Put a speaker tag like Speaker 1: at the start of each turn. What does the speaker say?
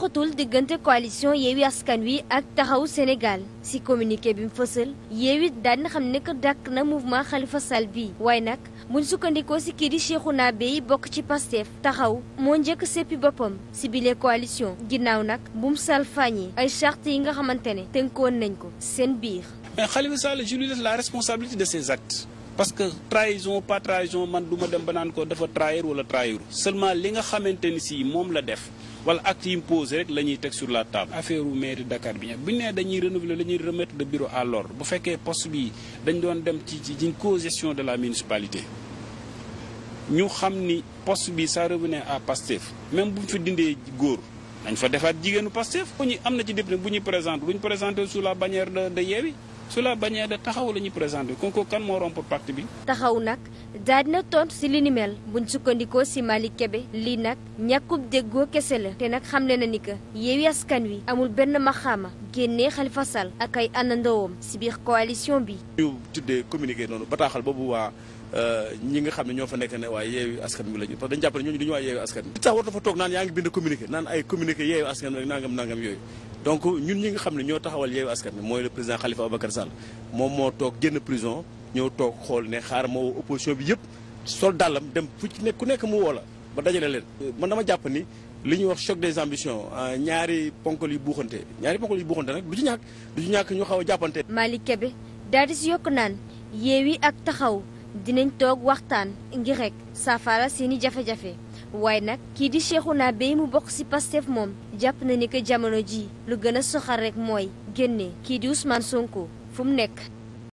Speaker 1: xatul diggante coalition Yewwi Askan Wi ak taxaw Sénégal ci communiqué bi mu fësal Yewwi daan na xam ne que dàkk na mouvement xalifa Sall bi waaye nag buñ sukkandikoo ci kii di Cheikhouna Bèye bokk ci Pastef taxaw moo njëkk seppi boppam ci bile coalition ginnaaw nag bu mu salfaañee ay charte yi nga xamante ne tënkoon nañ ko seen biir.
Speaker 2: mais Khalifa Sall je lui laisse la responsabilité de ses actes. parce que trahison pas trahison man du ma dem ba naan ko dafa trahir wala trahir seulement li nga xamante ni si moom la def. wala acte yi posé rek la teg sur la table affaire u mairie Dakar bi bu ñu nee dañuy renouveler la ñuy remettre de bureau à l'ordre bu fekkee poste bi dañ doon dem ci ci une co-gestion de la municipalité ñu xam ni poste bi ça revenait à Pastef même bu fi dindee góor dañ fa defaat jigéenu Pastef bu ñu am na ci député bu ñuy présenté bu ñu présenté la bannière de de sous la bannière de taxaw la ñuy présenté kooku kan moo romp pacte bi.
Speaker 1: taxaw nag daaj na tontu si li ni mel buñ sukkandikoo si Malick Kébé lii nag ñàkkub déggoo kese la te nag xamle na ni que Yewwi Askan Wi amul benn maxaama génnee Khalifa Sall ak ay àndandoowam si biir coalition bi.
Speaker 3: ñu tuddee communiqué noonu bataaxal boobu waa. Euh, xam ne ñoo fa nekk ne waa yeewu askan bi lañu parce que dañu jàpp ne ñooñu du ñu waa yeewu askan bi. li tax war dafa toog naan yaa ngi bind communiqué naan ay communiqué yeewu askan bi rek nangam nangam donc ñun ñi nga xam ne ñoo taxawal yeewu askan bi mooy le président Khalifa Ababacar Sall moom moo toog génn prison ñëw toog xool ne xaar moo opposition bi yëpp sol dàllam dem fu ci nekk ku nekk mu woo la ba dajale leen man dama jàpp ni li ñuy wax choc des ambitions ah, ñaari ponkal yu buuxante ñaari ponkal yu buuxante nag du ci ñàkk du ci ñàkk ñu xaw a jàppante
Speaker 1: Malick Kébé daal di si yokk naan yeewi ak taxaw dinañ toog waxtaan ngir rek saafara seeni jafe-jafe waaye nag kii di Cheikhouna Beye mu bokk ci Pastef moom jàpp na ni que jamono ji lu gën a soxal rek mooy génne kii di Ousmane Sonko fu mu nekk